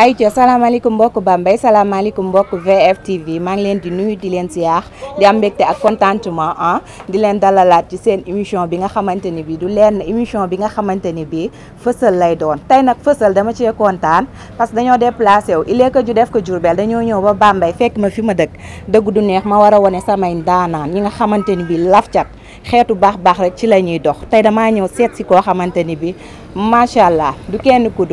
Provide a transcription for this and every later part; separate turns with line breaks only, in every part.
ayca salaamaaleykum mbokk Bambey salaamaaleykum mbokk VFtv maa ngi len di nuyu di len ziar di am mbégte ak contentement hein ah, di len dalalat ci sen émission bi nga xamanteni bi du len émission bi nga xamanteni bi bii lay doon tay nak fësal dama ci kontaan parce que déplacer wu il est que ju def ko jurbel dañoo ñëw ba bambay fekk ma fi ma dëkk dëgg du neex ma wara woné samay ñi nga xamanteni bi bax rek ci lañuy dox tay dama ñëw sét ci ko xamanteni bi du kenn ku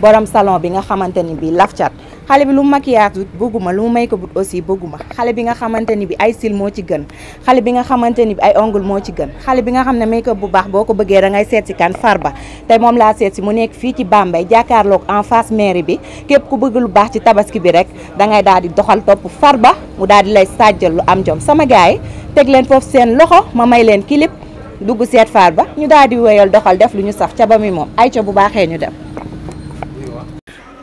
borom salon bi nga xamanteni bi laf cat xale bi lu mu maquillage bëgguma lu mu may ko but aussi buguma xale bi nga xamanteni bi ay cils mo ci gën xale bi nga xamanteni bi ay ongle mo ci gën xale bi nga xamne bu bax boko ko da ngay seet ci kan Farba tay mom la seet ci mu nek fi ci Bambey jàkkaarloog en face mairie bi kep ku bëgg lu bax ci tabaski bi rek da ngay di doxal top Farba mu daal di lay sajjal lu am jom sama gars tek len fof sen loxo ma may len clip dugg Farba ñu daal di wéyal doxal def lu ñu saf ca bami mom ay ca bu baxé ñu dem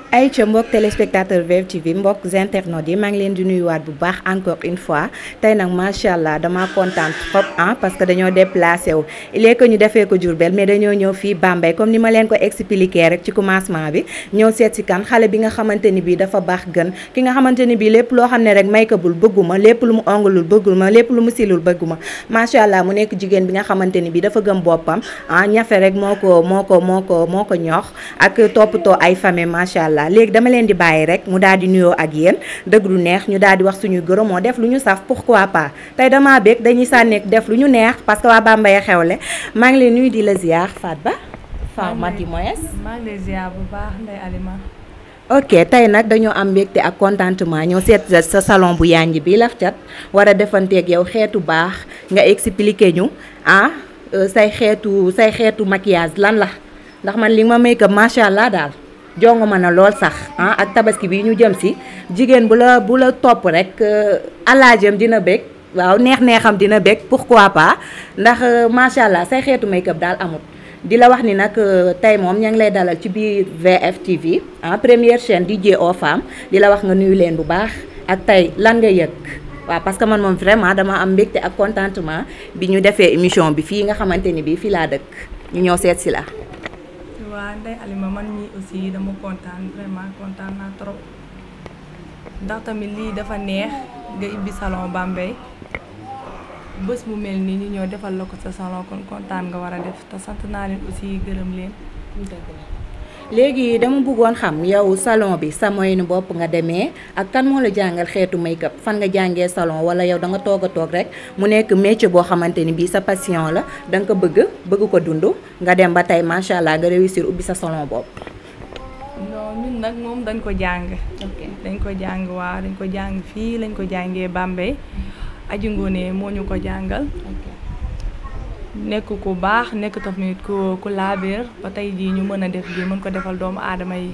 ay ci mbokk téléspectateur VF TV mbokk internet, yi ma ngi leen di nuyuwaat bu baax encore une fois tay nag macha allah damaa fop trop ah parce que dañoo déplacé wu il est que ñu défé ko bel, mais dañoo ñëw fi bambay comme ni ma leen ko expliquer rek ci commencement bi ñëw sét ci kan xalé bi nga xamanteni bi dafa baax gën ki nga xamanteni bi lepp lo xamné rek maykabul bëgguma lepp lu mu ongulul bëgguma lepp lu mu silul bëgguma macha allah mu nekk jigen bi nga xamanteni bi dafa gëm bopam hein ah, ñafé rek moko moko moko moko ñox ay famé allah allah léegi dama leen di bàyyi rek mu daal di nuyoo ak yéen dëgg lu neex ñu daal di wax suñuy gërëm def lu saf pourquoi pas tey damaa bëgg dañuy sànneek def lu ñu neex parce que waa Bambey xewle maa ngi leen nuyu di la ziar Fat Ba Fat Mati Moyes maa ngi lay ziar bu baax Ndeye Alima ok tey nag dañoo am mbégte ak contentement ñoo seet sa salon bu yànj bi laf cat war a yow xeetu baax nga expliquer ñu ah euh, say xeetu say xeetu maquillage lan la ndax man li ma make up macha allah jongo mana lol sax ah ak tabaski bi ñu jëm si jigen bu la bu la top rek euh, alaajem dina bég waaw neex neexam dina bek pourquoi pas ndax euh, macha allah say xeetu make up dal amut di la wax ni nak euh, tay mom ñang lay dalal ci biir VF TV ah première chaîne DJ O Femme di la wax nga nuyu len bu baax ak tay lan nga yëg wa parce que man mom vraiment dama am mbégte ak contentement bi ñu défé émission bi fi nga xamanteni bi fi la dëkk ñu ñoo sét ci la.
waa Ndeye Alima man mii aussi dama kontaan vraiment kontaan naa trop ndax tamit lii dafa neex nga ibbi salon Bambey bés mu mel nii ñu ñëw defal la ko sa salon kon kontaan nga war a def te sant naa leen aussi gërëm leen.
léegi dama bëggoon xam yow ya salon bi sa moyenne bopp nga demee ak kan moo la jàngal xeetu make-up fan nga jàngee salon wala yow da nga toog a toog rek mu nekk métier boo xamante ni bii sa passion la da nga ko bëgg bëgg ko dund nga dem ba tey macha allah nga réussir ubbi sa salon bopp.
non ñun nag moom dañ ko jàng. dañ ko jàng waa dañ ko jàng fii lañ ko jàngee Bambey. aji ngoone moo ñu ko jàngal. nekk ku baax nekk tamit ku ku laabir ba tey jii ñu mën a def lii mën ko defal doomu aadama yi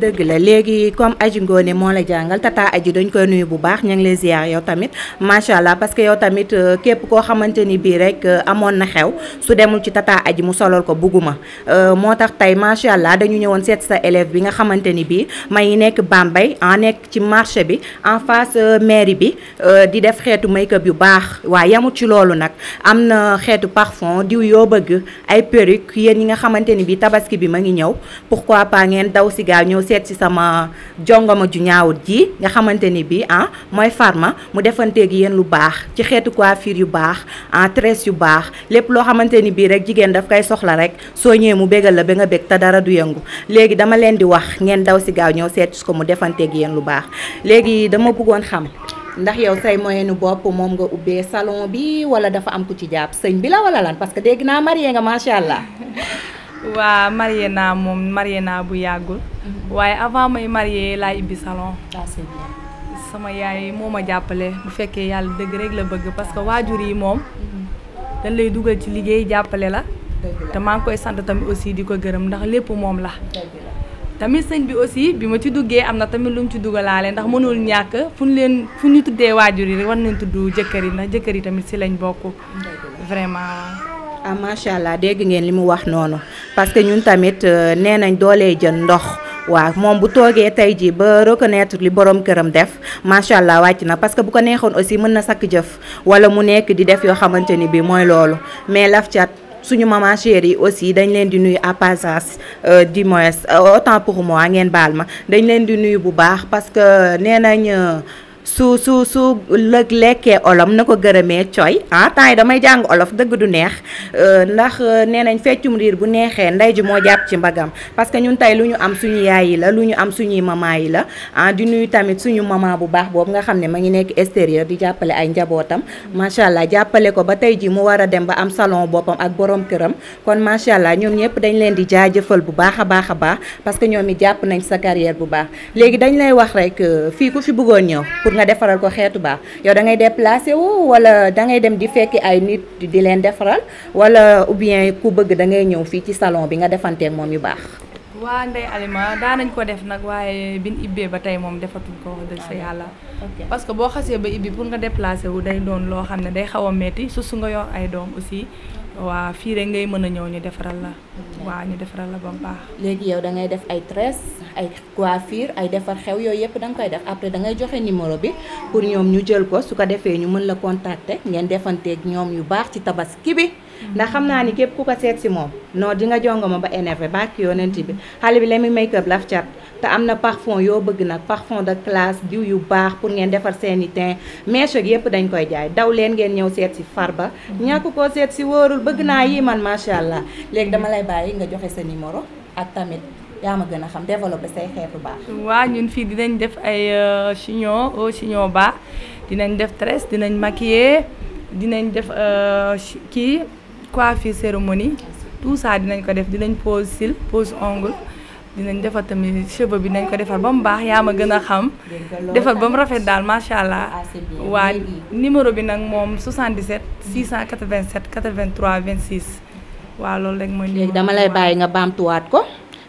deug la legui comme aji ngone mo la jangal tata aji dañ koy nuyu bu baax ñang les ziar yow tamit machallah parce que yow tamit euh, kep ko xamanteni bi rek euh, amon na xew su demul ci tata aji mu solol ko buguma euh motax tay machallah dañu ñewon set sa élève bi nga xamanteni bi may nek bambay en ah, nek ci marché bi en face euh, mairie bi di def xétu make-up yu baax wa yamu ci lolu nak amna xétu parfum diw yo bëgg ay perruque yeen yi nga xamanteni bi tabaski bi ma ngi ñew pourquoi pas ngeen daw ci gaaw ñëw si sama jongoma ju ñaawut ji nga xamante bi ah mooy Farma mu defanteeg yéen lu baax ci xeetu coiffure yu baax ah tresse yu baax lépp loo xamante ni bii rek jigéen daf koy soxla rek soo ñëwee mu bégal la ba nga bég te dara du yëngu léegi dama leen di wax ngeen daw si gaaw ñëw seet si ko mu lu baax dama bëggoon xam ndax yow say moyenu nga salon bi wala dafa am ku ci bi la wala lan parce que dégg marié nga
waa marié na moom marié na bu yagul mhm. waye avant may marié la ibi salon sama yaay moma jappalé bu féké yalla deug rek la bëgg parce que wajur yi moom mhm. dañ lay dugal ci liggéey jappalé la té ma ngoy sante tamit aussi di gëreum ndax lépp mom la tamit señ bi aussi bima ci lum amna tamit lu ci duggalalé ndax mënul ñàkk fuñ leen fuñu tuddé wajur yi rek war nañ tuddu jëkëri ndax tamit ci lañ bokku vraiment
ma ah, macha allah dégg ngeen limu wax noonu parce que ñun tamit euh, nenañ nañ doolee ndox wa mom bu toge tay ji ba reconnaître li borom kërëm def macha allah na parce que bu ko neexon aussi mën na jëf wala mu nekk di def yo xamanteni bi moy lolu mais laf suñu mama chérie aussi dañ leen di nuyu à passage euh, di moins euh, autant pour moi ngeen baal dañ leen di nuyu bu baax parce que nenañ su su su leg leke olam nako gërëmé choy ah tay damay jang olof deug du neex euh, ndax euh, nenañ feccum rir bu neexee nday ji mo japp ci mbagam parce que ñun tay luñu am suñu yaay yi la luñu am suñu mama yi la ah di nuyu tamit suñu mama bu baax bob nga xamné ma ngi nekk extérieur di jappalé ay njabotam machallah jappalé ko ba tay ji mu wara a dem ba am salon bopam ak borom kërëm kon machallah ñom ñepp dañ leen di jaajeufal bu baaxa baaxa baax parce que ñom mi japp nañ sa carrière bu baax légui dañ lay wax rek euh, fii ku fi bëggoon ñëw pour nga defaral ko xeetu baax yow da ngay déplacé wu da ngay dem di fekki ay nit di leen defaral wala ou bien ku bëgg da ngay ñëw fii ci salon bi nga defanteeg moom yu baax.
waa Ndeye Alima daan nañ ko def nag waaye bin ibbee ba tey moom defatuñ ko wax dëgg sa ah, yàlla. parce que boo xasee ba ibbi pour nga déplacé wu day doon loo xam ne day xaw a metti su su nga yor ay doom aussi. waaw fiire ngay mën a ñëw ñu defaral la. waaw ñu defaral la ba mu baax. léegi yow dangay def
ay tres ay coiffure ay defar xew yooyu yëpp da koy def après da ngay joxe numéro bi pour ñoom ñu jël ko su ko defee ñu mën la contacter ngeen defanteeg ñoom yu baax ci tabaski bi. ndax xam naa ni képp ku ko seet si moom. no di nga jongoma ba énervé ba ak yonent bi xale bi la muy make up laf cat. te amna parfum yo bëgg nak parfum de classe diw yu baax pour ngeen défar seen i teint mèche ak yëpp dañ koy jaay daw leen ngeen ñëw sét ci Farba ñàkk ko sét ci wërul bëgg na yi man ma sha allah légui dama lay bayyi nga joxe sa numéro ak tamit ya ma
gëna xam développer say xeetu baax. wa ñun fi dinañ def ay euh, chignon au chignon ba dinañ def tres dinañ maquiller dinañ def euh ki coiffure cérémonie tout ça dinañ ko def dinañ pose cil pose ongle. dinañ defar tamit cheveux bi nañ ko defar ba mu baax yaa ma gën a xam. defar ba mu rafet daal macha allah. waa numéro bi nag moom 77 687 83 26. waaw loolu rek mooy. léegi dama lay bàyyi nga baamtuwaat ko.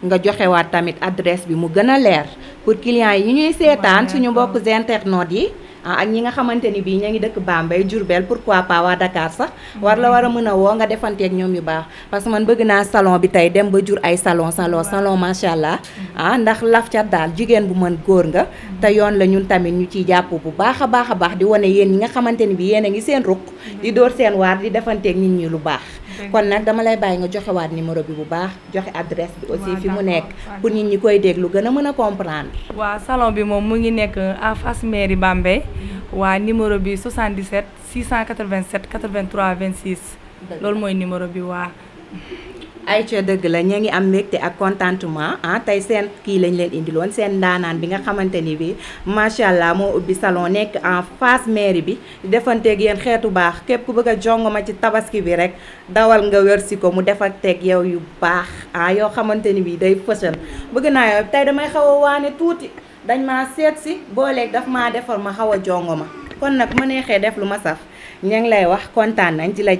nga joxewaat
tamit adresse bi mu gën a leer pour clients yi ñuy seetaan suñu mbokku internautes yi. Ah, ak ñi nga xamante ni bii ña ngi dëkk Bambey Diourbel pourquoi pas waa Dakar sax war la war a mën a woo nga defanteeg ñoom yu baax parce que man bëgg naa salon bi tey dem ba jur ay salon salon salon macha allah ah ndax laf cat daal jigéen bu mën góor nga te yoon la ñun tamit ñu ciy jàpp bu baax a baax a baax di wane yéen ñi nga xamante ni bi yéen a ngi seen ruq di mm-hmm. door seen waar di defanteeg nit ñi lu baax kon nag dama lay bàyyi nga joxewaat numéro bi bu baax joxe adresse bi aussi fi mu nekk pour nit ñi koy déglu gën a mën a comprendre
waa salon bi moom mu ngi nekk en face mairie Bambey mm-hmm. waa numéro bi 77 687 83 26 loolu mooy numéro bi waa ay ca dëgg la ñu ngi am mbégte ak contentement ah tey
seen kii lañ leen indiloon seen ndaanaan bi nga xamante ni bi macha allah moo ubbi salon nekk en face mairie bi defanteeg yéen xeetu baax képp ku bëgg a jongoma ci tabaski bi rek dawal nga wër si ko mu defal teg yow yu baax ah yoo xamante ni bi day fësal bëgg naa yow tey damay xaw a waane tuuti dañ maa seet si booleeg dafa maa defar ma xaw a jongoma kon nag ma neexee def lu ma saf Nyang ngi lay wax kontaan nañ di la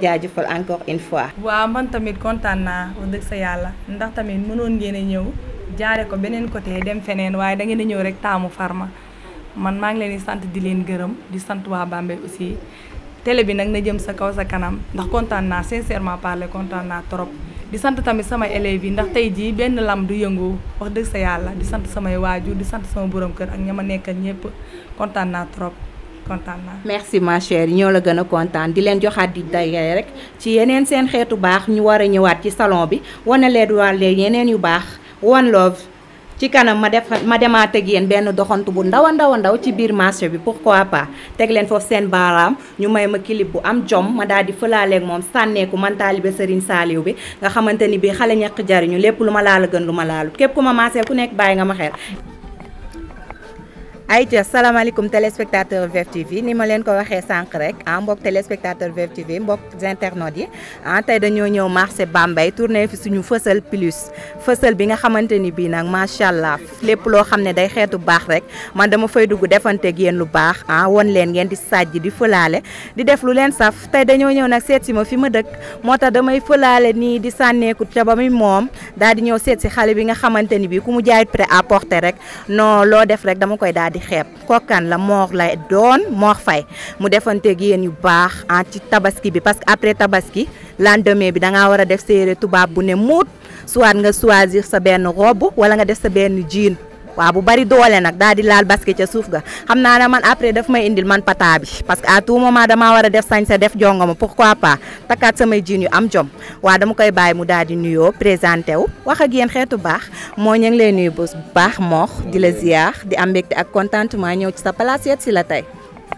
encore une fois.
wa man tamit kontaan na wax dëgg sa yalla ndax tamit mënon ngeene ñew jaaré ko benen côté dem fenen waaye da ngeen ñew rek taamu Farma man ma ngi leen di sante di leen gëreum di sante wa bambe aussi télé bi nak na jëm sa kaw sa kanam ndax kontaan na sincèrement parler na trop. di sante tamit sama élève yi ndax tay ji ben lam du yëngu wax deug sa yalla di sante sama waajur di sante sama borom kër ak ñama nekkal ñepp na trop kontaan naa
merci ma chère ñoo la gën a di leen joxaat di daye rek ci yeneen seen xeetu baax ñu war a ñëwaat ci salon bi wane leen wàlle yeneen yu baax one love ci kanam ma def ma demaat ak yéen benn doxantu bu ndaw ndaw ndaw ci biir marché bi pourquoi pas teg leen foofu seen baaraam ñu may ma clip bu am jom ma daal di fëlaaleeg moom sànneeku man taalibe Serigne Saliou bi nga xamante ni bii xale ñàkk jariñu lépp lu laal gën képp ku ma ku nekk nga ma salam alaikum téléspectateur VF TV ni ma len ko waxee sank rek ah mbokk téléspectateur VF TV bok internautes yi ah tey dañoo ñëw marché Bambay tourné fi suñu fësal plus fësal bi nga xamanteni bi nak nag macha allah lépp loo xam day xeetu bax rek man dama fay dugg ak yeen lu bax, ah won len ngeen di sajj di fëlaale di def lu len saf Tay dañu ñëw nak seet ma fi ma dëkk moo damay fëlaale ni, di sanéku ca ba muy moom daal di ñëw seet xalé bi nga xamanteni bi ku mu prêt à porter rek non lo def rek dama koy daal di kokan la Mor lay doon Mor Faye mu defanteeg yéen yu baax ah ci tabaski bi parce que après tabaski lendemain bi da ngaa war a def séeréer tubaab bu ne muut soit nga choisir sa benn robe wala nga def sa benn jiin waaw bu bari doole nag daal di laal basket ca suuf ga xam naa ne man après dafa may indil man pata bi parce que à tout moment damaa war a def sañ sa def jongoma pourquoi pas takkaat samay jiin yu am jom waa dama koy bàyyi mu daal di nuyoo présenté wu wax ak yéen xeetu baax moo ñu ngi lay nuyu bu baax moox di la ziar di am mbégte ak contentement ñëw ci sa place si la tey.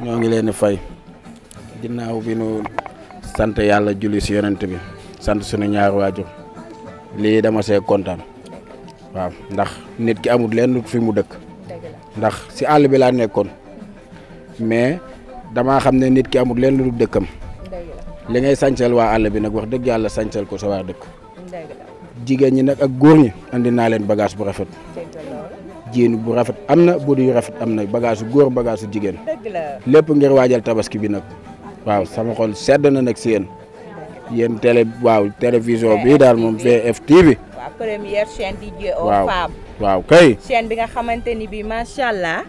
ñoo ngi leen di fay ginnaaw bi nu sant yàlla julli si yonent bi sant suñu ñaar waajur lii dama see waaw ndax nit ki amul lenn fi mu dëkk ndax si àll bi laa nekkoon mais dama xam ne nit ki amul leen lu dëkkam li ngay sàncal waa àll bi nag wax dëgg yàlla sàncal ko sa waa dëkk jigéen ñi nag ak góor ñi indi naa leen bagage bu rafet jéenu bu rafet am na bu yu rafet am na bagage góor bagage jigéen lépp ngir waajal tabaski bi nag waaw sama xol sedd na nag si yéen yéen télé waaw television bii daal moom VFtv
waaw première chaîne dédiée aux femmes. waaw kay. chaîne bi nga xamante ni bii macha allah.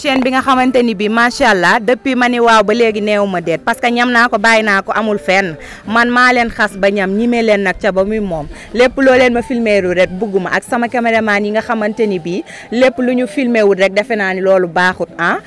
chaîne bi nga xamante ni bii macha allah depuis ma ni waaw ba léegi neewu ma deet parce que ñam naa ko bàyyi naa ko amul fenn man maa leen xas ba ñam ñime leen nag ca ba muy moom lépp loo leen ma filmé ru rek bugguma ak sama caméraman yi nga xamante ni bii lépp lu ñu filmé wul rek defe naa ni loolu baaxut ah.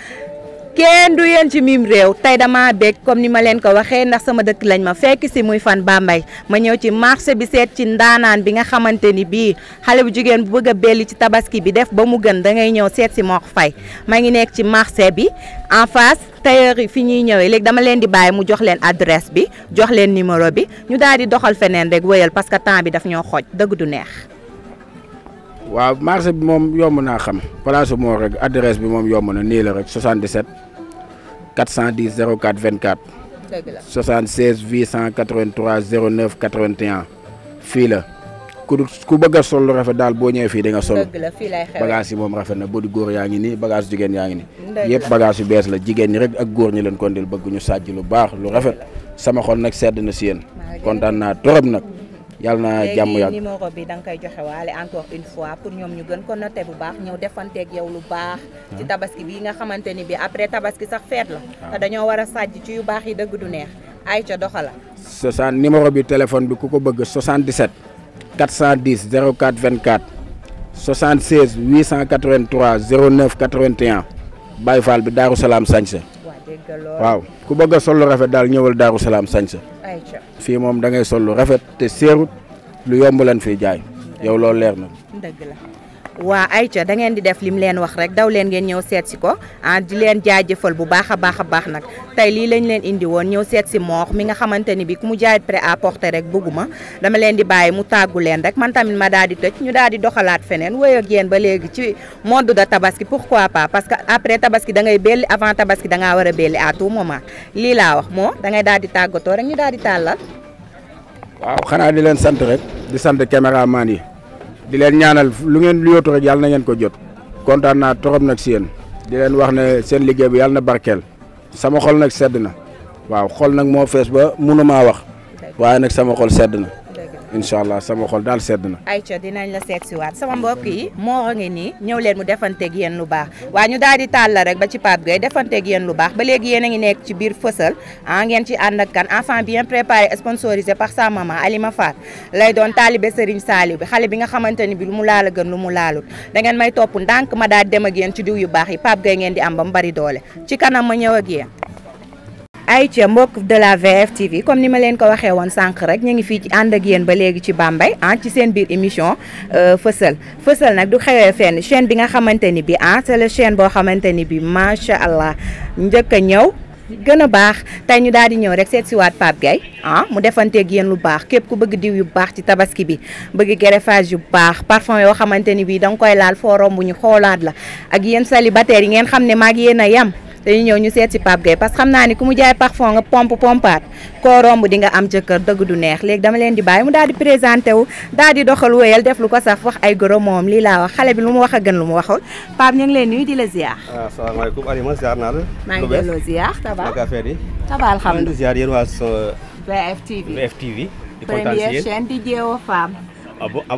kenn du yéen ci miim réew tey dama bég comme ni ma leen ko waxee ndax sama dëkk lañ ma fekk si muy fan baa Bambey ma ñëw ci marché bi seet ci ndaanaan bi nga xamante ni bii xale bu jigéen bu bëgg a belli ci tabaski bi def ba mu gën da ngay ñëw seet si Mor Faye ma ngi nekk ci marché bi en face tailleur yi fi ñuy ñëwee léegi dama leen di bàyyi mu jox leen adresse bi jox leen numéro bi ñu daal di doxal feneen rek woyal parce que temps bi daf ñoo xooj dëgg du neex
waaw marché bi moom yomb naa xam place moo rek adresse bi moom yomb na nii la rek 77 410 04 24. dëgg la 76 883 09 81 fii la. ku ku bëgg a sol rafet daal boo ñëwee fii da nga sol bagage yi moom rafet na boo di góor yaa ngi nii bagage jigéen yaa ngi nii yëpp bagage yu bees la jigéen ñi rek ak góor ñi leen kon del bëgg ñu sàjj lu baax lu rafet sama xol nag sedd na si yéen kontaan naa torop nag yàlla na jàmm yi léegi
numéro bi da nga koy joxe waale encore une fois pour ñoom ñu gën ko noté bu baax ñëw defanteeg yow lu baax. ci ah. tabaski bii nga xamante ni bi après tabaski sax feet la. Ah. te dañoo war a sàjj ci yu baax yi dëgg du neex ay ca doxala.
60 numéro bi téléphone bi ku ko bëgg 77 410 04 24 76 883 09 81 Baye Fall bi Daaru Salaam Sañse. waaw ku bëgg a sol lu rafet daal ñëwal Daaru Salaam sa fii moom da ngay sol lu rafet te seerut lu yomb leen fiy jaay yow loolu leer na.
wa ayca da ngeen di def lim leen wax rek daw leen ngeen ñëw seet si ko ah di leen jaajëfal bu baax a baax a baax nag tey lii lañ leen indi won ñëw seet si moox mi nga bi ku mu jaay prêt à porter rek bëgguma dama leen di bàyyi mu tàggu leen rek man tamit ma daal di tëj ñu daal di doxalaat feneen wéy ak yéen ba léegi ci mode de tabaski pourquoi pas parce que après tabaski da ngay belli avant tabaski da ngaa war a belli à tout moment lii laa wax moo da ngay daal di tàggatoo rek ñu di
waaw xanaa di leen rek di yi di leen ñaanal lu ngeen yóotu rek yàlla na ngeen ko jot kontaan naa torop nag si yéen di leen wax ne seen liggéey bi yàlla na barkeel sama xol nag sedd na waaw xol nag moo fees ba mun maa wax waaye nag sama xol sedd na incha allah sama xol daal sedd na.
ayca dinañ la seet si waat sama mbokk yi moo ngi nii ñëw leen mu defanteeg yéen lu baax waa ñu daal di tàll rek ba ci Pape gay defanteeg yéen lu baax ba léegi yéen a ngi nekk ci biir fësal ah ngeen ci ànd ak kan enfant bien préparé sponsorisé par sa maman Alima Fall lay doon taalibe Serigne Saliou bi xale bi nga xamante ni bi lu mu laal a gën lu mu laalut da ngeen may topp ndànk ma daal dem ak yéen ci diw yu baax yi Pape Gueye ngeen di am ba mu bari doole ci kanam ñëw ak yéen ay ayca mbokk de la VFtv comme ni ma leen ko waxee woon sànq rek ñu ngi fii ci ànd ak yéen ba léegi ci Bambey ah ci seen biir émission euh, fësal fësal nag du xewee fenn chaine bi nga xamante ni bi ah c'est la chaîne boo xamante ni bi macha allah njëkk a ñëw gën a baax tey ñu daal di ñëw rek seet si waat Pape Gueye ah mu defanteeg yéen lu baax képp ku bëgg diw yu baax ci tabaski bi bëgg greffage yu baax parfum yoo xamante ni bii da nga koy laal foo romb ñu xoolaat la ak yéen célibataire yi ngeen xam ne maag yéen a yem dañu ñëw ñu seet si Pape Gueye parce xam naa ni ku mu jaay parfum nga pompe pompaat koo romb di am jëkkër dëgg du neex léegi dama leen di bàyyi mu daal di présenté wu daal di doxal wéyal def lu ko saf wax ay goro moom lii laa wax xale bi lu mu wax a gën lu mu waxul Pape ñu ngi leen nuyu di la ziar.
waaw ah, asalaamaaleykum Alima ziar naa la. maa ngi delloo
ziar tabaar naka affaire yi. tabaar
waa VFtv VFtv. di kontaan si yéen première
di Jéego Femme.
ah bon ah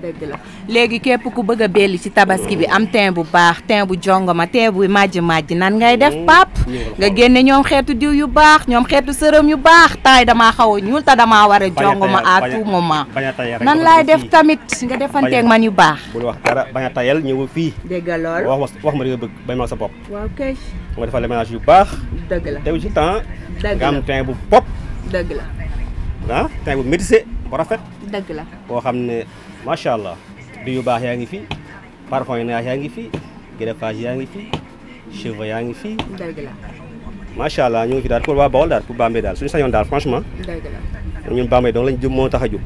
dëgg la
léegi képp ku bëgg a belli ci tabaski bi am teint bu baax teint bu jongoma teint bu màjj màjj nan ngay def mm. pap nga génne ñoom xeetu diw yu baax ñoom xeetu sërëm yu baax taay damaa xaw a ñuul te damaa war a
jongoma à tout moment nan laay def
tamit nga defanteeg man yu baax
bul wax dara bañ a tayal ñëw fii dëgg lool wax wax ma li nga bëgg bañ ma sa bopp waaw kay nga defal le ménage yu baax dëgg la tew ci temps nga am teint bu pop dëgg la ah teint bu métissé bu rafet dëgg la boo xam ne macha allah diw yu baax yaa parfum yang yang ini ngi fi yang ini ngi fi cheveux yaa ngi fi macha allah ñu ngi fi daal pour waa Bawol daal pour Bambey daal suñu sañoon daal franchement ñun Bambey donc lañ jëm moo tax mhm. a ah, jóg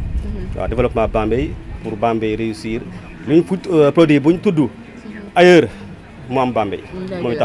waaw développement Bambey pour Bambey réussir luñ fu eh, produit buñ tudd mau mu am Bambey interest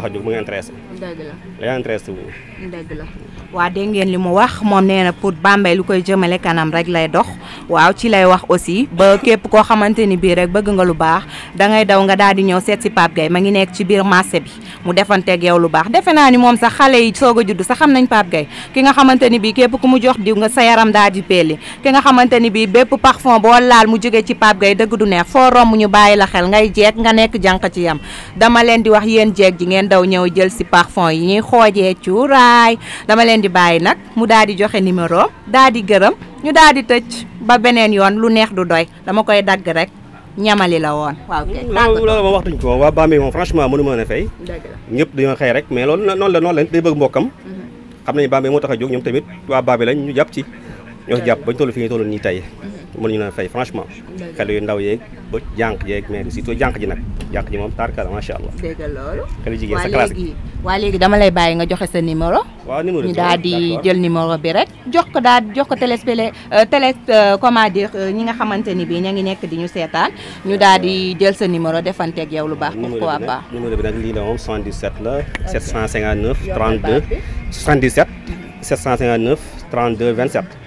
tax a jóg mu
waa dégg ngeen li mu wax moom nee na pour Bambey lu koy jëmale kanam rek lay dox waaw ci lay wax aussi ba képp koo xamante ni bii rek bëgg nga lu baax da ngay daw nga daal di ñëw seet si Pape ma ngi nekk ci biir marché bi mu defanteeg yow lu baax defe naa ni moom sax xale yi soog a judd sax xam nañ Pape ki nga xamante ni bii képp ku mu jox diw nga sa yaram daa di peeli ki nga xamante ni bii bépp parfum boo laal mu jóge ci Pape Gueye dëgg du neex foo romb ñu bàyyi la xel ngay jeeg nga nekk jànq ci yam dama leen di wax yéen jeeg ji ngeen daw ñëw jël si parfum yi ñuy xoojee cuuraay leen di bàyyi nag mu daal di joxe numéro daal di gërëm ñu daal di tëj ba beneen yoon lu neex du doy dama koy dagg rek ñamali la woon. waaw kay
mm, loolu moom waxtuñ ko waa Bambey moom franchement mënu ma leen a fay. ñëpp dañoo xëy rek mais loolu noonu la noonu la day bëgg mbokkam. Mm-hmm. xam nañu Bambey moo tax a jóg ñoom tamit waa Bambey lañ ñu jàpp ci. ñoo jàpp bañ toll fi ñu toll tey mm-hmm. ñu na fay franchement xale yu ndaw yeek ba jank yeek mais surtout jank ji nak jank ji mom moom ma sha allah dégg loolu xale jigeen sa classe
wa legi dama lay baye nga joxe sa numéro
wa numéro ñu daal di jël
numéro bi rek jox ko daal jox ko téléspélé télé euh, euh, comment dire euh, ñi nga xamanteni bi ñi ngi nekk di ñu seetaan ñu daal di jël sa numéro defante ak yow lu baax ko wa pas
numéro bi nak li la mom 77 la 759 32 77 759 32 27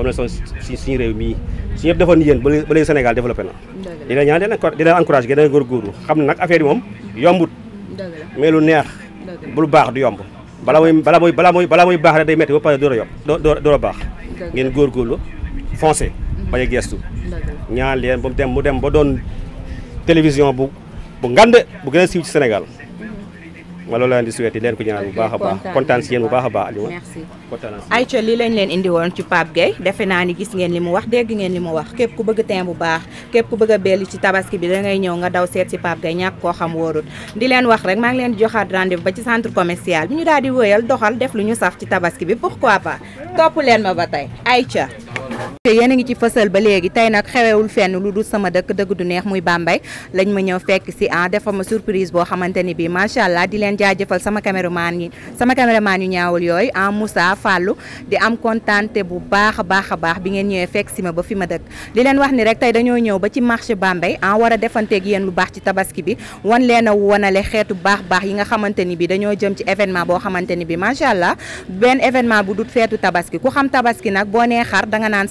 moom la si suñu réew mii su ñëpp defoon yéen ba léegi Sénégal développé na di la ñaan di la encouragé gën a góorgóorlu xam ne nag affaire moom yombut mais lu neex bu lu baax du yomb bala muy bala muy bala muy bala muy baax rek day métti ba pare door a yomb door a baax ngeen góorgóorlu foncé bañ a gestu ñaan leen ba mu dem mu dem ba doon télévision bu bu ngande bu gën a siiw ci Sénégal ma loolu laa leen di souhaité leen ko ñaanal
ayca lii lañ leen indi woon ci Pape Gueye defe naa ni gis ngeen li mu wax dégg ngeen li mu wax képp ku bëgg teint bu baax képp ku bëgg a belli ci tabaski bi da ngay ñëw nga daw seet si Pape Gueye ñàkk koo xam wóorut di leen wax rek maa ngi leen di joxaat rendez ba ci centre commercial bi ñu daal di wëyal doxal def lu ñu saf ci tabaski bi ko pas topp leen ma ba tey ayca yéen a ngi ci fësal ba léegi tey nag xewewul fenn lu dul sama dëkk dëgg du neex muy Bambey lañ ma ñëw fekk si ah defal ma surprise boo xamante ni bi macha allah di leen jaajëfal sama caméraman yi sama caméraman yu ñaawul yooyu ah musa Fallou di am kontante bu baax a baax a baax bi ngeen ñëwee fekk si ma ba fi ma dëkk di leen wax ni rek tey dañoo ñëw ba ci marché Bambey ah war defanteek defanteeg yéen lu baax ci tabaski bi wan leen a wanale xeetu baax baax yi nga xamante ni bi dañoo jëm ci événement boo xamante ni bi macha allah benn événement bu dul feetu tabaski ku xam tabaski nag boo nee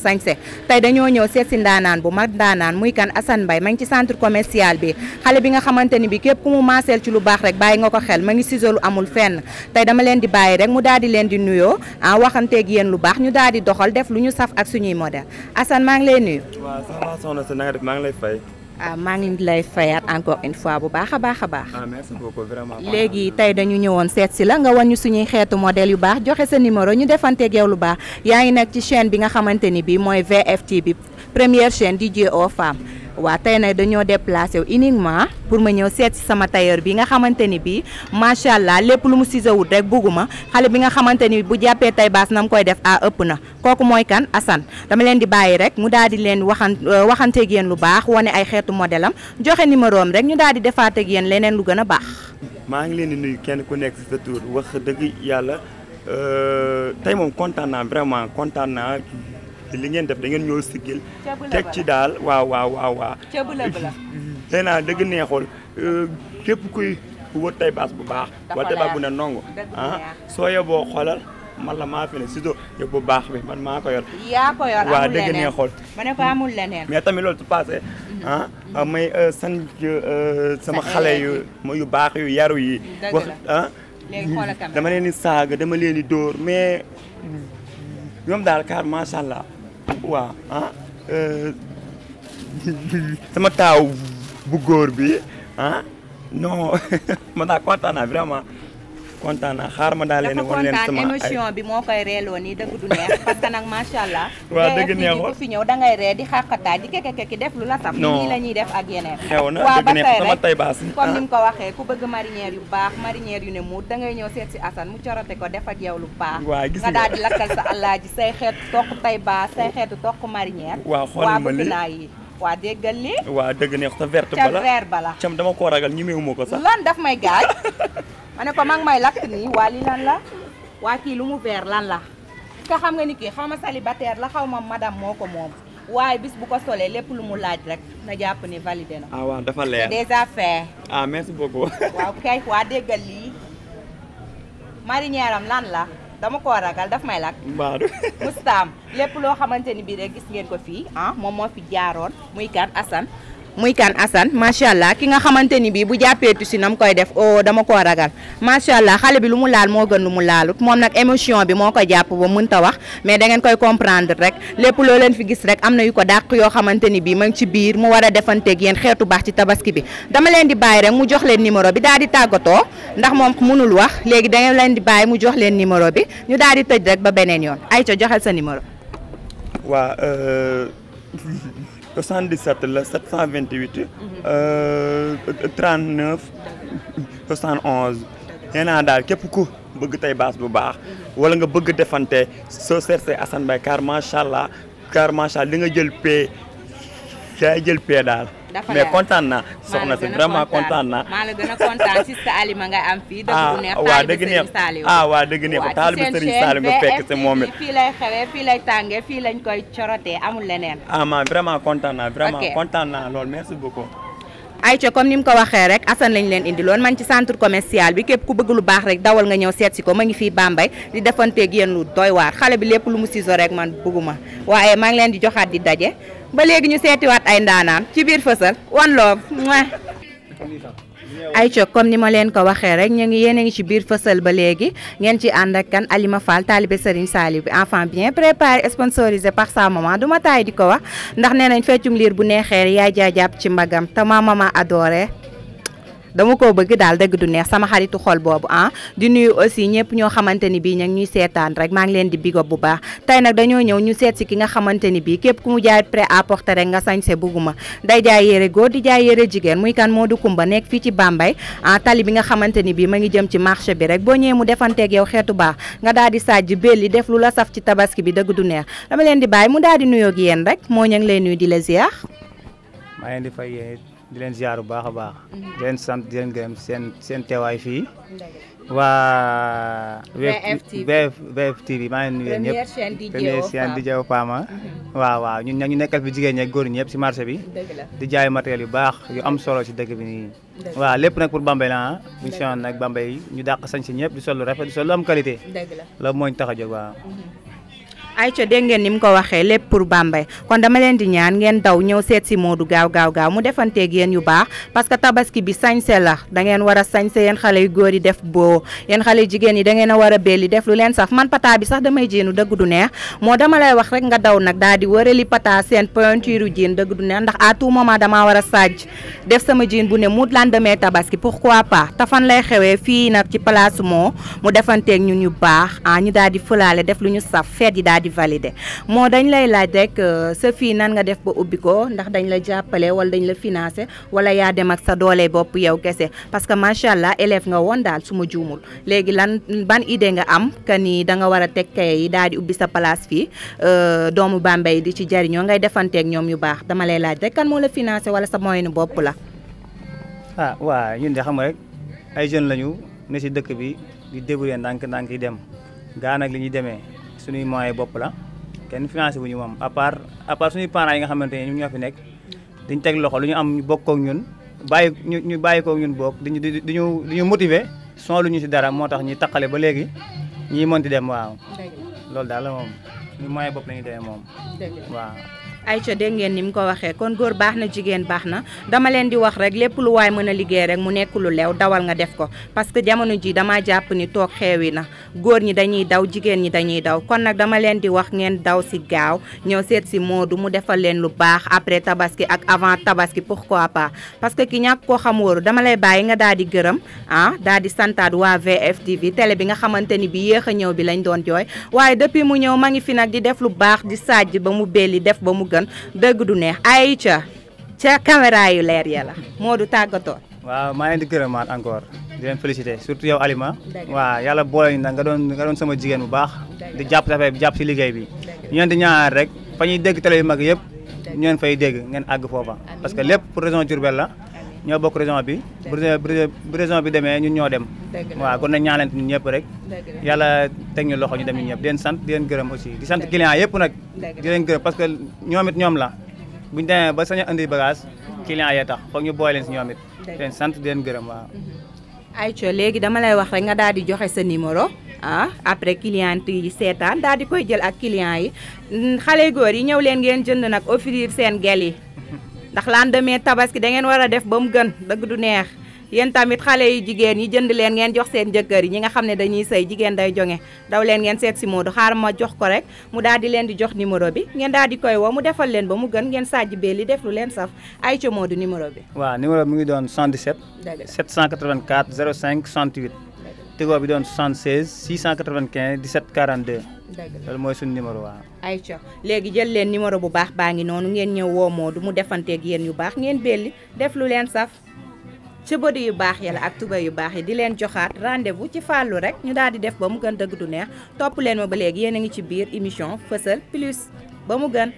sañse tey dañoo ñëw seet si ndaanaan bu mag ndaanaan muy kan Assane Mbaye ma ngi ci centre commercial bi xale bi nga xamante ni bi képp mu maaseel ci lu baax rek bàyyi nga ko xel ma ngi sisolu amul fenn tey dama leen di bàyyi rek mu daal leen di nuyoo ah waxanteeg yéen lu baax ñu daal di doxal def lu ñu saf ak suñuy modèle Assane maa ngi lay nuyu. waaw ah maa ngi lay fayaat encore une fois bu baax a baax a baax. ah merci beaucoup vraiment. léegi tey dañu ñëwoon seet si la nga wan ñu suñuy xeetu model yu baax joxe sa numéro ñu defanteeg geew lu baax yaa ngi nekk ci chaîne bi nga xamante ni bii mooy VFT bi première chaîne dédiée o femmes. waa tey nag dañoo déplacé wu uniquement pour ma ñëw seet si sama tailleur bi nga xamante ni bii macha allah lépp lu mu sise wut rek bugguma xale bi nga xamante ni bu jàppee tay baas na mu koy def a ëpp na kooku mooy kan Assane dama leen di bàyyi rek mu daal di leen waxan euh, waxanteeg yéen lu baax wane ay xeetu modèle am joxe numéro am rek ñu daal di defaateeg yéen leneen lu gën a baax.
maa ngi leen di nuyu kenn ku nekk si sa tur wax dëgg yàlla euh, tey moom kontaan naa vraiment kontaan te li ngeen def da ngeen ñoo siggil
teg ci daal
waaw waaw waaw waaw nee naa dëgg neexul euh, képp kuy wër tay baas bu baax wala tay baas bu ne ah, soo yeboo xoolal man la maa fi ne surtout yëpp bu baax bi man maa ko yor
dëgg neexul ma mais
tamit loolu su passé mm-hmm. ah, ah may euh, san euh, sama xale yu baax yu yaru yi wax ah. dama leen di saaga dama leen di dóor mais ñoom daal kaar macha allah waaw ah eh, sama taaw bu góor bi ah non man daal kontaan naa vraiment kontaan naa xaar ma daal leen wan leen sama ay émission
bi moo koy reeloo nii dëgg du neex parce nag macha allah. waaw dëgg neexul ku fi ñëw da ngay ree di xàqataay di ki def lu la saf. non nii la ñuy def ak yeneen. xew na dëgg neex sama tay
baas comme
ah. ko waxee ku bëgg marinière yu baax marinière yu ne muut da ngay ñëw seet si Assane mu corote ko def ak yow lu baax.
waaw gis nga daal di
lakkal sa alaaji say xeet toq tay baas say xeetu toq marinière. waaw xoolal ma lii waa déggal li
waa dëgg neex sa verte bala ca vert bala cam dama ko ragal ñi meewu ma ko sax
lan daf may gaaj ma ne ko mag may lakk nii waa li lan la waa kii lu mu veer lan la ka xam nga ni kii xaw ma célibataire la xaw ma madam moo ko moom waaye bis bu ko solee lépp lu mu laaj rek na jàpp ni validé na.
ah waaw dafa leer déjà fait. ah merci beaucoup.
waaw kay waa déggal lii marinière lan la dama koo ragal dafa may lakk. mbaadu mustaam lépp loo xamante ni bii rek gis ngeen ko fii ah moom moo fi jaaroon muy kan Assane. muy kan Assane macha allah ki nga xamante ni bii bu jàppee tuuti nam koy def oh dama koo ragal macha allah xale bi lu mu laal moo gën lu mu laalut moom nag émotion bi moo ko jàpp ba mënta wax mais da ngeen koy comprendre rek lépp loo leen fi gis rek yu ko ma ci biir mu ci tabaski bi dama leen di bàyyi rek mu jox leen numéro bi ndax mënul wax da ngeen leen di mu jox leen numéro bi ñu rek ba beneen yoon Aïcha joxal sa numéro.
Euh, 77 la 728. 39 71. yena dal kep képp ku bëgg tey baas bu baax. wala nga bëgg defante soo seet see Assane Mbaye car machallah car macha li nga jël paie. yaay jël pee daal. mais kontaan naa soxna si vraiment kontaan naa.
maa la gën a kontaan si alima nga am fii. Ah, waaw ah, dëgg neex ah waaw dëgg neex taalibu Serigne Saliou nga fekk si moom it. fii lay xewee fii lay tàngee fii lañ koy corotee amul leneen.
ah vraiment kontaan naa vraiment kontaan naa lool merci beaucoup.
Aïcha comme ni mu ko waxee rek Assane lañ leen indi loon man ci centre commercial bi képp ku bëgg lu baax rek dawal nga ñëw seet si ko ma ngi fii Bambey di defanteeg yéen lu doy waar xale bi lépp lu mu siso rek man bëgguma waaye maa leen di joxaat di daje ba léegi ñu seeti seetiwaat ay ndaanaan ci biir fësal one love ayco comme ni ma leen ko waxee rek ñu ngi yéen a ngi ci biir fësal ba léegi ngeen ci ànd ak kan Alima Fall taalibe Serigne Saliou bi enfant bien préparé sponsorisé par sa maman du ma taay di ko wax ndax nee nañ feccum liir bu neexee yaay jaay jàpp ci mbagam te ma maman adoré dama ko bëgg daal dëgg du neex sama xaritu xol boobu ah di nuyu aussi ñëpp ñoo xamante ni bii ñag ñuy seetaan rek maa ngi leen di bigo bu baax tey nag dañoo ñëw ñu seet si ki nga xamante ni bii képp ku mu jaay prêt à porter rek nga sañse bugguma day jaay yére góor di jaay yére jigéen muy kan Modou kumba nekk fii ci Bambey ah tali bi nga xamante ni bii ma ngi jëm ci marché bi rek boo ñëwee mu defanteeg yow xeetu baax nga daal di sàjj belli def lu la saf ci tabaski bi dëgg du neex dama leen di bàyyi mu daal di nuyoog yéen rek moo ñangi lay nuyu di la ziar
maa ngi fay di leen ziar bu baax a baax. Mm-hmm. di leen sant di leen gërëm seen seen teewaay fii. waa. VF VF maa ngi nuyu yéen ñëpp
première chaîne di Diéw
Fama mm-hmm. waaw waaw ñun ñu nekkal fi jigéen ñi ak góor ñëpp si marché bi. di jaay matériel yu baax yu am solo si dëkk bi nii. waa lépp nag pour Bambey la bu ñu si nag Bambey ñu dàq sañ si ñëpp di sol lu rafet di sol lu am qualité. dëgg la loolu moo ñu
ayca dégg ngeen ni mu ko waxee lépp pour bambay kon dama leen di ñaan ngeen daw ñëw seet si Modou gaaw gaaw gaaw mu defanteeg yeen yu baax parce que tabaski bi sañse la da ngeen war a sañse yeen xale yu góor yi def boo yeen xale jigéen yi da ngeen a war def lu leen saf man pata bi sax damay jéenu dëgg du neex moo dama lay wax rek nga daw nag daal di wërali pata seen pointure jéen dëgg du neex ndax à tout moment dama war a def sama bu ne lendemain tabaski pourquoi pas tafan lay xewee fii nag ci place moo mu defanteeg ñun yu baax ah ñu daal di fëlaale def lu ñu saf feet yi daal di di valider mo dañ lay laaj rek euh, sa fi nan nga def ba ubbi ko ndax dañ la jappalé wala dañ la financer wala ya dem ak sa dolé bop yow kese parce que machallah élève nga won dal suma djumul légui lan ban idée nga am kani da nga wara tek kay yi di ubbi sa place euh doomu bambay di ci jariñoo ngay ak ñom yu baax dama lay laaj rek kan mo la financer wala sa moyenne bop la
ah waa ñun de xam rek ay jeune lañu ne ci dëkk bi di débrouiller ndank ndank yi dem gaa ak li suñuy moyens bopp la kenn financé wuñu moom à part à part suñuy parents yi nga xamante ne ñun ñoo fi nekk dañ teg loxo lu ñu am ñu bokk ak ñun bàyyi ñu ñu bàyyi koog ñun bokk diñu diñu diñu motiver son lu ñu si dara moo tax ñu taqale ba léegi ñuy mënti dem waaw loolu daal la moom ñu moyen bopp la ñuy demee moom waaw
ayca dengen ngeen ni mu ko waxee kon góor baax na jigéen baax na dama leen di wax rek lépp lu waay mën a liggéey rek mu nekk lu leew dawal nga def ko parce que jamono ji dama jàpp ni toog xeewi na góor ñi dañuy daw jigéen ñi dañuy daw kon nag dama leen di wax ngeen daw si gaaw ñëw seet si Modou mu defal leen lu baax après tabaski ak avant tabaski pourquoi pas parce que ki ñàkk koo xam wóoru dama lay bàyyi nga daal di gërëm ah daal di santaat waa VFTV télé bi nga xamante ni bi yéex a ñëw bi lañ doon jooy waaye depuis mu ñëw ma ngi fi nag di def lu baax di sàjj ba mu belli def ba mu gën dëgg du neex ay ca ca caméra yu leer ya la moo du tàggatoo
waaw maa leen di gërëmaat encore di leen félicité surtout yow Alima waaw yàlla boole ñu nag nga doon nga sama jigéen bu baax di jàpp ci affaire bi jàpp ci liggéey bi ñu leen di ñaanal rek fa ñuy dégg télé yu mag yëpp ñu leen fay dégg ngeen àgg foofa parce que lépp pour raison Diourbel la ñoo bokk région bi bu région bi demee ñun ñoo dem waaw kon nañ ñaanante ñun ñëpp rek yàlla teg ñu loxo ñu dem ñun ñëpp di leen sant di leen gërëm aussi di sant client yëpp nag di leen gërëm parce que ñoom it ñoom la buñ demee ba sañu andi bagage client ya tax foog ñu boole leen si ñoom it di leen sant di leen gërëm waaw mm-hmm.
ayco léegi dama lay wax rek nga daal di joxe sa numéro ah après client yi seetaan daal di koy jël ak client yi mm, xale góor yi ñëw leen ngeen jënd nag offrir seen gel yi ndax lendemain tabaski da ngeen war a def ba mu gën dëgg du neex yéen tamit xale yu jigéen ñi jënd leen ngeen jox seen jëkkër yi ñi nga xam ne dañuy sëy jigéen day jonge daw leen ngeen seet si Modou xaar ma jox ko rek mu daal di leen di jox numéro bi ngeen daal di koy woo mu defal leen ba mu gën ngeen sàjj be li def lu leen saf ay ca Modou numéro bi.
waaw numéro bi mu ngi doon 77. 784 05 68. tigo bi doon 76 695 17 42. loolu mooy suñu numéro waaw
ayca léegi jël leen numéro bu baax baa ngi noonu ngeen ñëw woo Modou mu defanteeg yéen yu baax ngeen belli def lu leen saf ci bëri yu baax yàlla ak tuba yu baax yi di leen joxaat rendez-vous ci fàllu rek ñu daal di def ba mu gën dëgg du neex topp leen ma ba léegi yéen a ngi ci biir émission Fësël Plus ba mu gën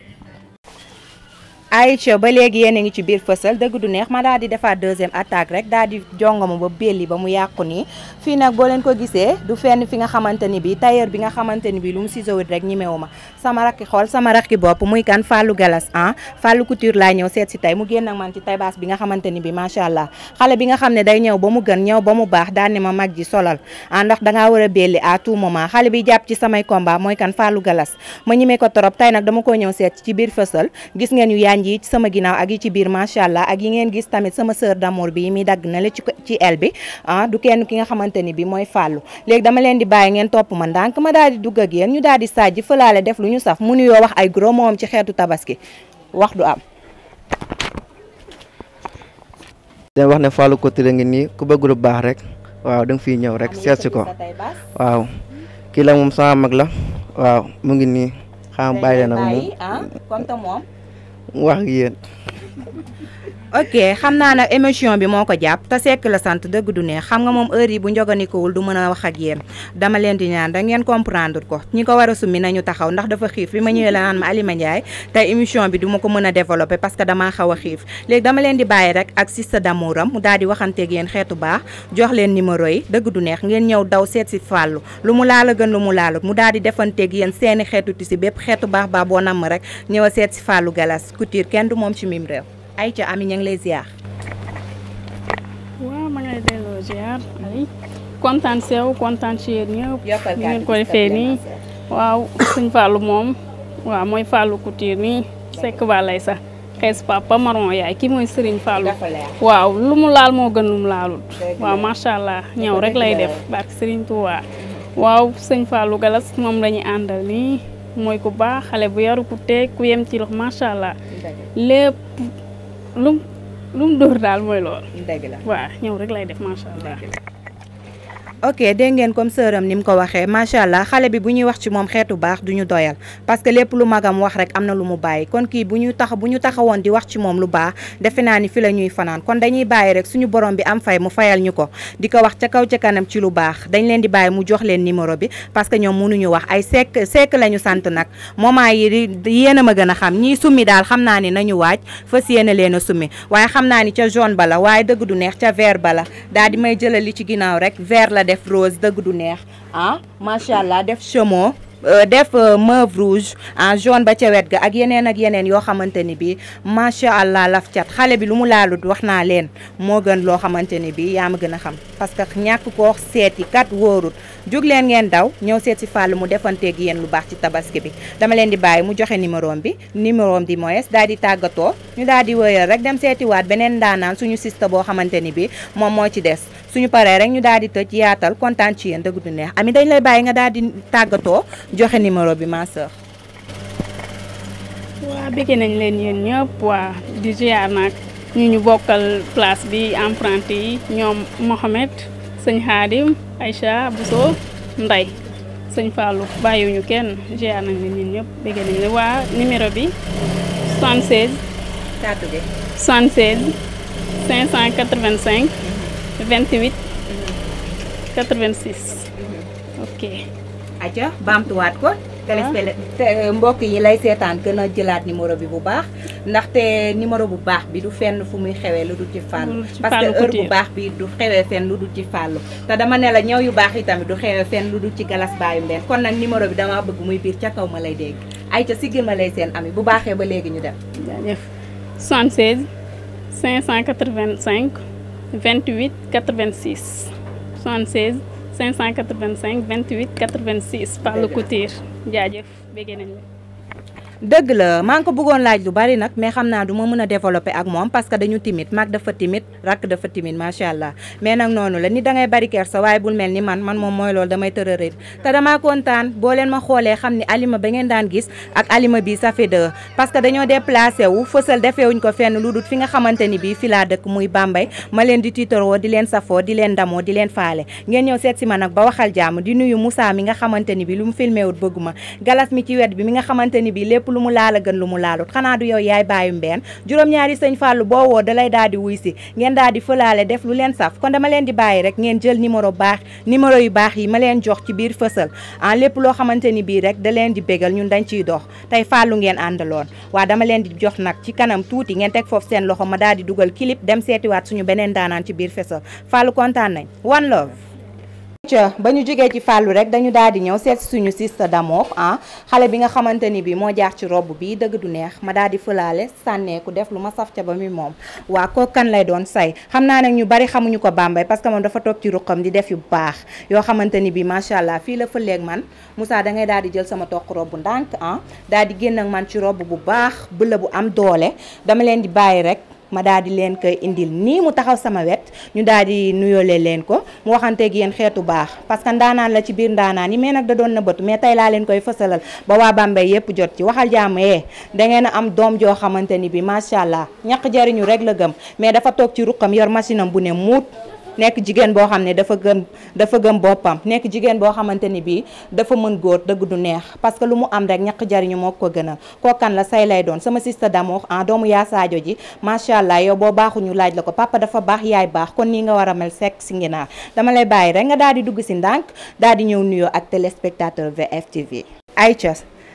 Aïcha ba léegi yéen a ngi ci biir fësal dëgg du neex ma daal di defaat deuxième attaque rek daal di jongoma ba belli ba mu yàqu nii fii nag boo leen ko gisee du fenn fi nga xamante ni bi tailleur bi nga xamante ni bi lu mu sisowit rek ñimewu ma sama rakki xool sama rakki bopp muy kan Fallou Galas ah Fallou Couture laa ñëw seet tey mu génn ak man ci tay baas bi xamante ni bi macha allah xale bi nga xam ne day ñëw ba mu gën ñëw ba mu baax daal ne ma mag ji solal ah ndax dangaa war a tout moment xale bi jàpp ci samay combat mooy kan Fallou Galas ma ñimee ko torop tey nag dama koo ñëw seet ci biir fësal gis ngeen yu njiic sama ginaaw ak yi ci bir machallah ak yi ngeen gis tamit sama sœur d'amour bi mi dag na la ci ci el bi ah du kenn ki nga xamanteni bi moy fallu leg dama len di baye ngeen top ma dank ma daal di dugg ak yeen ñu daal di sajji fëlaale def luñu saf mu nuyoo wax ay gros mom ci xeetu tabaski wax du am
dem wax ne ko tire ngi ni ku bëgg lu baax rek waaw dang fi ñew rek seet ko waaw ki la mom sama mag la waaw mu ngi ni
xam bàyyi leen ak hoàng diện ok xam naa ne émission bi moo ko jàpp te sekk la sant dëgg du neex xam nga moom heure yi bu njoganikuwul du mën a wax ak yéen dama leen di ñaan da ngeen comprendre ko ñi ko war a summi nañu taxaw ndax dafa xiif bi ma ñëwee la naan ma Alima tey émission bi duma ko mën a développer parce que damaa xaw a xiif léegi dama leen di bàyyi rek ak sa damouram mu daal di waxanteeg yéen xeetu baax jox leen numéro yi dëgg du neex ngeen ñëw daw seet si fàllu lu mu laal gën lu mu laal mu daal di defanteeg yéen seeni xeetu tisi bépp xeetu baax baa boo rek ñëw a seet si fàllu galas couture kenn du moom ci mim réew Aïcha Ami
ña ngi lay ziar. delloo ziar kontaan sew kontaan ci yéen ñëpp. ngi ko defee nii. waaw sëñ Fallou moom waaw mooy Fallou Couture nii sekk ba sax xees papa maron yaay kii mooy Serigne Fallou. waaw lu mu laal moo gën lu mu laalut. waaw macha allah ñëw rek lay def barke sëriñ Touba. waaw sëñ Fallou Galas moom lañuy ñu àndal nii mooy ku baax xale bu yaru ku teeg ku yem ci lox macha allah lépp lum lum dóor daal mooy loolu. dëgg la waaw ñëw rek lay def macha allah.
ok dégg ngeen comme sëram ni mu ko waxee macha allah xale bi bu ñuy wax ci moom xeetu baax du ñu doyal parce que lépp lu magam wax rek am na lu mu bàyyi kon kii bu ñu tax bu ñu taxawoon di wax ci moom lu baax defe naa ni fi la ñuy fanaan kon dañuy bàyyi rek suñu borom bi am fay mu fayal ñu ko di ko wax ca kaw ca kanam ci lu baax dañ leen di bàyyi mu jox leen numéro bi parce que ñoom mënuñu wax ay sekk sekk la ñu sant nag moment yi yéen a ma gën a xam ñi summi daal xam naa ni nañu waaj fas yéene leen a summi waaye xam naa ni ca jaune ba la waaye dëgg du neex ca vert ba la daal di may jëlal li ci ginnaaw rek vert la def rose dëgg du neex ah macha allah def chemin euh, def euh, mauve rouge en ah, jaune ba ca wet ga ak yeneen ak yeneen yoo xamante ni bi macha allah laf cat xale bi lu mu laalut wax naa leen moo gën loo xamante ni bi yaa ma gën a xam parce ñàkk koo seeti kat wóorut jóg leen ngeen daw ñëw seet si Fallou mu defanteeg yéen lu baax ci tabaski bi dama leen di bàyyi mu joxe numéro bi numéro di mooy daal di tàggatoo ñu daal di wëyal rek dem seetiwaat beneen ndaanaan suñu sista boo xamante ni bi moom moo ci des suñu paree rek ñu daal di tëj yaatal kontaan ci yéen dëgg du neex am ami dañu lay bàyyi nga daal di tàggatoo joxe numéro bi ma sœur
waa bëgg nañ leen yéen ñëpp waa di ziar nag ñu ñu bokkal place bi emprunté yi ñoom Mohamed sëñ xaadim Aïcha Bousso Mbay sëñ Fallou bàyyiwuñu kenn géar nañ leen ñun ñëpp bëgg nañ ne numéro bi 76 76 585 28 86 ok aja baamtuwaat ko téléspectateurs eh,
mbokk yi lay seetaan gën a jëlaat numéro bi bu baax ndaxte numéro bu baax bi du fenn fu muy xewee lu dul ci fàllu parce que heure bu baax bi du xewee fenn lu dul ci fàllu te dama ne la ñëw yu baax yi tamit du xewee fenn lu dul ci galas baayu mbenn kon nag numéro bi dama bëgg muy biir ca kaw ma lay dégg
ay ca siggil ma lay seen ami bu baaxee ba léegi ñu dem 76 585 28 86 76 585 28 86 Fallou Couture jaajëf béggee nañ la
dëgg la maa ngi ko bëggoon laaj lu bari nag mais xam naa du mën a développer ak moom parce que dañu timide mag dafa timide rakk dafa timide macha allah mais nag noonu la ni da ngay bari kersa waaye bul mel ni man man moom mooy loolu damay tërërit te damaa kontaan boo leen ma xoolee xam ni alima ba ngeen daan gis ak alima bi ça fait deux parce que dañoo déplacé wu ko fenn lu dul fi nga xamante ni bii fi laa dëkk muy Bambey ma leen di tiitaroo di leen safoo di leen damoo di leen faale ngeen ñëw seet si ma ba waxal jàmm di nuyu Moussa mi nga xamante ni bi lu mu filmé wut bëggu mi nga xamante ni bi lépp lu mu laal a gën lu mu laalut xanaa du yow yaay bàyyi mbeen juróom-ñaari sëñ Fallou boo woo da lay daal di wuy si ngeen daal di fëlaale def lu leen saf kon dama leen di bàyyi rek ngeen jël numéro baax numéro yu baax yi ma leen jox ci biir fësal ah lépp loo xamante ni bii rek da leen di bégal ñun dañ ciy dox tey Fallou ngeen àndaloon waa dama leen di jox nag ci kanam tuuti ngeen teg foofu seen loxo ma daal di dugal clip dem waat suñu beneen daanaan ci biir fësal ca ba ñu jógee ci fàllu rek dañu daal di ñëw seet suñu sista damook ah, xale bi nga xamante ni bi moo jaar ci robb bii dëgg du neex ma daal fëlaale sànneeku def lu ma saf ca ba mi moom waa ko kan lay doon say xam naa nag ñu bari xamuñu ko Bambey parce que moom dafa toog ci ruqam di def yu baax yoo xamante ni bi macha fii la fëleeg man Moussa da ngay daal di jël sama toq robb ndànk ah daal di génn man ci robb bu baax bëla bu am doole dama leen di bàyyi rek ma daal leen koy indil nii mu taxaw sama wet ñu daal di nuyoole leen ko mu waxanteeg yéen xeetu baax parce que ndaanaan la ci biir ndaanaan yi mais nag da doon na bëtu mais tey laa leen koy fësalal ba waa Bambey yëpp jot ci waxal jàmm yee eh, da ngeen a am doom joo xamante ni bi macha allah ñaq jariñu rek la gëm mais dafa toog ci ruqam yor machine am bu ne muut nekk jigéen boo xam ne dafa gën dafa gën boppam nekk jigéen boo xamante ni bii dafa mën góor dëgg du neex parce que lu mu am rek ñàkk jariñu moo ko gënal kookan la say lay doon sama sista d'amour ah doomu yaa saajo ji macha allah yow boo baaxuñu laaj la ko papa dafa baax yaay baax kon nii nga war a mel sekk si nginaar dama lay bàyyi rek nga daal di dugg si ndànk dal di ñëw nuyoo ak téléspectateur VFtv ay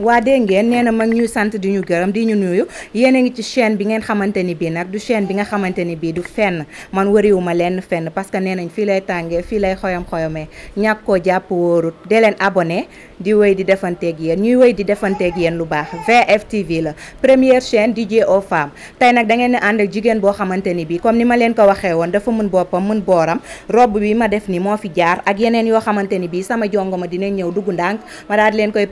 waa dee ngeen nee na mag garam sant di ñu gërëm di ñu nuyu yéen a ngi ci chaîne bi ngeen xamante ni bii nag du chaîne bi nga xamante ni bii du fenn man wëriwuma lenn fenn parce que nee nañ lay tàngee fii lay xoyam-xoyamee ñàkk koo jàpp wóorut dee leen abonné di wéy di defanteeg yéen ñuy wéy di defanteeg yéen lu baax VFtv la première chaîne dédiée aux femmes tey nag da ngeen di ak bii comme ni ma ko waxee woon dafa mën boppam mën bi ma def ni moo fi jaar ak yeneen bii sama jongoma dinañ ñëw dugu ndank ma daal di koy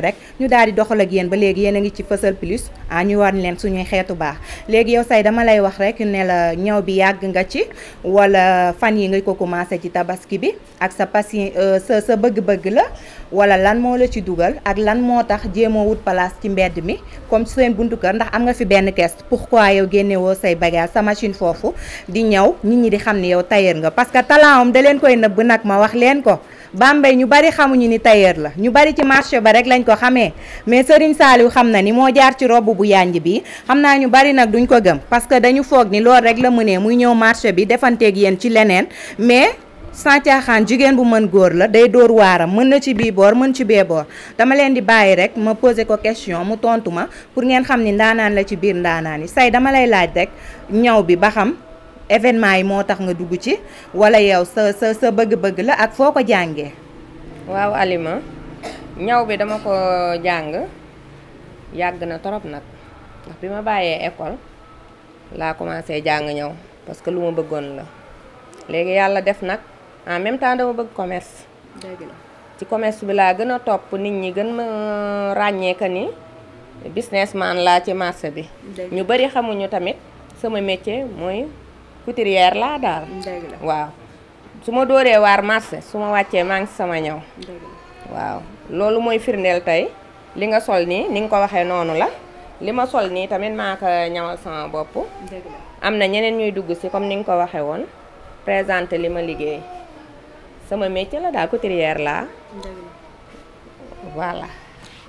rek ñu daali doxal ak yeen ba légui yéen ngi ci Fësël Plus a ah, ñu war leen suñu xéetu baax légui yow say dama lay wax rek ne la ñaw bi yag nga ci wala fan yi nga ko commencé ci tabaski bi ak sa patient euh, sa sa bëgg-bëgg la wala lan mo la ci dugal ak lan mo tax jémo wut place ci mbéd mi comme seen buntu kër ndax am nga fi benn caisse pourquoi yow wo say bagage sa machine fofu di ñaw nit ñi di xamni yow tailleur nga parce que talentum da leen koy neub nak ma wax leen ko Bambey ñu bari xamuñu ni tailleur la ñu bari ci marché ba rek lañ ko xamee mais Serigne Saliou xam na ni moo jaar ci robb bu yànj bi xam naa ñu bari nag duñ ko gëm parce que dañu foog ni loolu rek la mënee muy ñëw marché bi defanteeg yéen ci leneen mais sans jigéen bu mën góor la day dóor waaram mën na ci bii boor mën ci bee boor dama leen di bàyyi rek ma posé ko question mu tontu ma pour ngeen xam ni ndaanaan la ci biir ndaanaan yi say dama lay laaj rek ñaw bi ba xam événement yi motax nga dugg ci wala yow sa sa sa bëgg-bëgg la ak foko jàngé
waaw alima ñaw bi dama ko jàng yàgg na torop nak ndax bima bayé école la commencé jàng ñaw parce que luma la légui yalla def nak. en même temps dama bëgg commerce ci commerce bi la gëna top nit ñi gën ma ragné ka ni businessman la ci marché bi ñu bari xamuñu tamit sama métier moy couturière laa daal. waaw su ma dooree semua marché suma ma mang sama ñaw. waaw lolu moy firndeel tay li nga sol ni ni nga ko waxee nonu la lima sol ni tamen maa ñawal sama bop am ñeneen ñuy dugg si comme ni nga ko waxee won présenter lima ma sama métier la couturière la voilà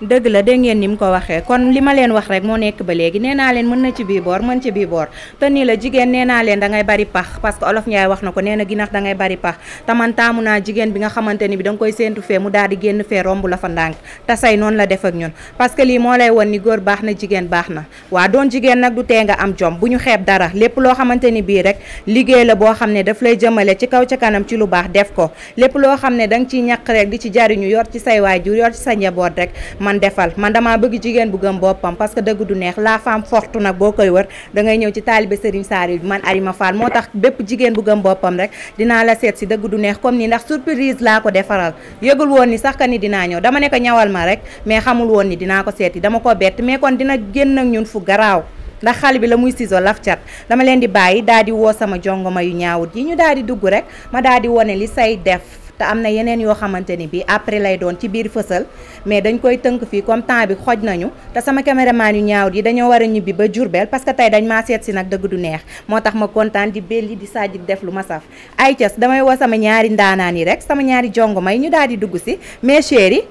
deug la de ngeen nim ko waxe kon lima len wax rek mo nek ba legi neena len mën na ci bi bor mën ci bi bor te ni la jigen neena len da ngay bari pax parce que olof nyaay wax nako neena gi na da ngay bari pax te man taamu naa bi nga xamanteni bi dang koy sentu fe mu daadi genn fe rombu la fa ndank ta say non la def ak ñun parce que li mo lay won ni gor baax na jigéen baax na waa doon du te nga am jom buñu xeb dara lepp lo xamanteni bi rek liggey la bo xamne daf lay ci kaw ci kanam ci lu bax def ko lepp lo xamne dang ci ñak rek di ci ñu yor ci say waajur yor ci sa njaboot rek man defal man dama bëgg jigen bu gëm bopam parce que dëgg du neex la femme forte nak bokay wër da ngay ñëw ci talibé Serigne sari man Arima Fall motax tax jigen bu gëm bopam rek dina la sét ci dëgg du neex comme ni ndax surprise la ko defaral yëgul woon ni sax kan ni dina ñëw dama ne ñawal ma rek mais xamul woon ni dina ko séti dama ko bét mais kon dina genn ak ñun fu garaaw ndax xali bi la muy ciso laf dama leen di wo sama jongoma yu ñaawut yi ñu dugg rek ma daal woné li say def te am na yeneen yoo xamante ni bii après lay doon ci biir fësal mais dañ koy tënk fii comme temps bi xoj nañu te sama caméraman yu ñaaw yi dañoo war a ñibbi ba jurbeel parce que tey dañ maa seet si nag dëgg du neex moo tax ma kontaan di belli di sajji def lu ma saf ay cas damay woo sama ñaari ndaanaan yi rek sama ñaari jongo yi ñu daal di dugg si mes
chéri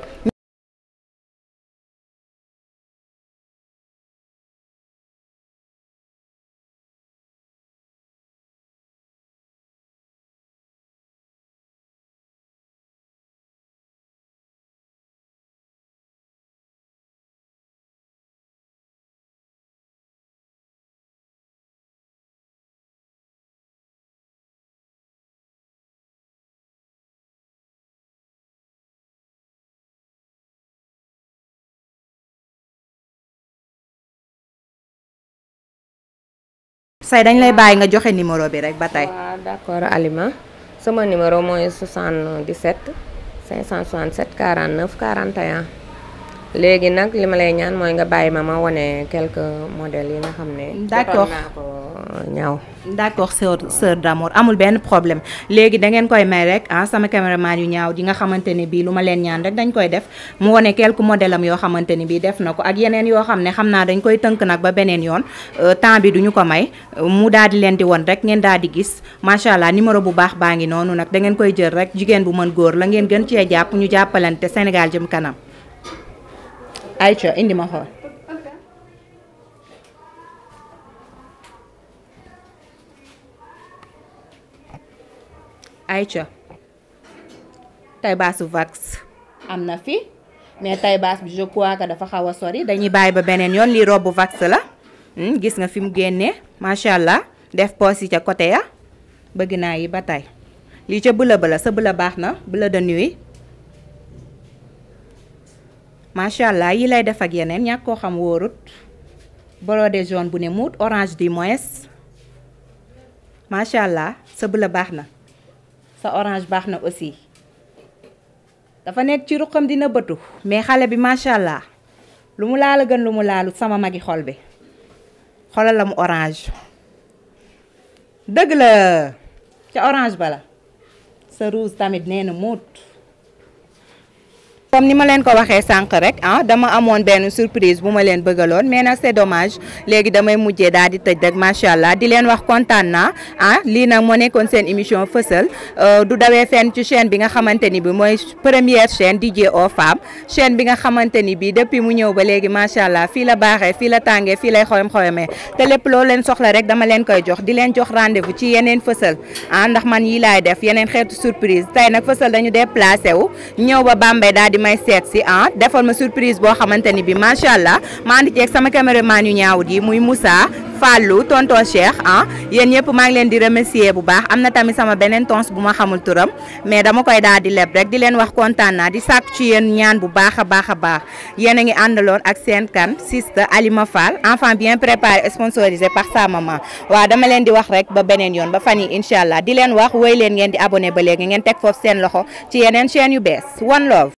say dañ lay bàyyi nga joxe numéro bi rek ba tey. waaw
d'accord Alima sama numéro mooy 77 567 49 41. léegi nak lima lay ñaan moy nga baye ma ma wane quelques modèles yi nga xamné d'accord ñaw d'accord sœur sœur d'amour amul
ben problème léegi da ngeen koy may rek ah sama cameraman yu ñaaw di nga xamanteni bi luma lu leen ñaan rek dañ koy def mu woné quelques modèles am yo xamanteni bi def nako ko ak yenen yo xamné xamna dañ koy teunk nak ba benen yoon euh, temps bi duñu ko may mu daal di leen di won rek ngeen daal di gis machallah numéro bu baax baa nonu nak da ngeen koy jël rek jigen bu man goor la ngeen gën ci japp ñu jappalante Sénégal jëm kanam. Aïcha indi ma xool. Aïcha tey vax am na fi mais tey bi je crois que dafa xaw a sori dañuy bàyyi ba beneen yoon lii robu vax la hmm, gis nga fi mu génnee macha def poos yi ca côté ya bëgg naa yi ba tey lii ca bëla bëla sa bëla baax na bëla de nuit macha allah yi lay def ak yeneen ñàkk koo xam wóorut brodé jaune bu ne muut orange du moins macha allah sa bleu baax na sa orange baax na aussi dafa nekk ci ruqam dina bëtu mais xale bi macha allah lu mu laal a gën lu mu laalut sama magi xol bi xolal la mu orange dëgg la ca orange ba la sa rouge tamit nee na muut comme ni ma leen ko waxee sànq rek ah dama amoon benn surprise bu ma leen bëggaloon mais nag c'est dommage léegi damay mujjee daal di tëj rek macha allah di leen wax kontaan naa ah lii nag moo nekkoon seen émission fësal euh, du dawee fenn ci chaîne bi nga xamante ni bi mooy première chaîne DJ aux femmes chaîne bi nga xamante ni bi depuis mu ñëw ba léegi macha allah fii la baaxee fii la tàngee fii lay xoyom xoyomee te lépp loo leen soxla rek dama leen koy jox di leen jox rendez-vous ci yeneen fësal ah, ndax man yi laay def yeneen xeetu surprise tey nag fësal dañu déplacé wu ñëw di may seet si ah defal ma surprise boo xamante bi macha allah ma andi sama caméraman yu ñaawut yi muy Moussa Fallou tonton Cheikh ah yéen ñëpp maa ngi di remercier bu baax am na sama benen tons bu ma xamul turam mais dama koy daal di leb rek di len wax kontaan di sak ci yéen ñaan bu baax a baax a ngi ak kan siste Alima Fall enfant bien préparé sponsorisé par sa maman waaw dama leen di wax rek ba benen yoon ba fani yi allah di len wax wéy len ngeen di abonné ba léegi ngeen tek foofu seen loxo ci yeneen chaîne yu bes one love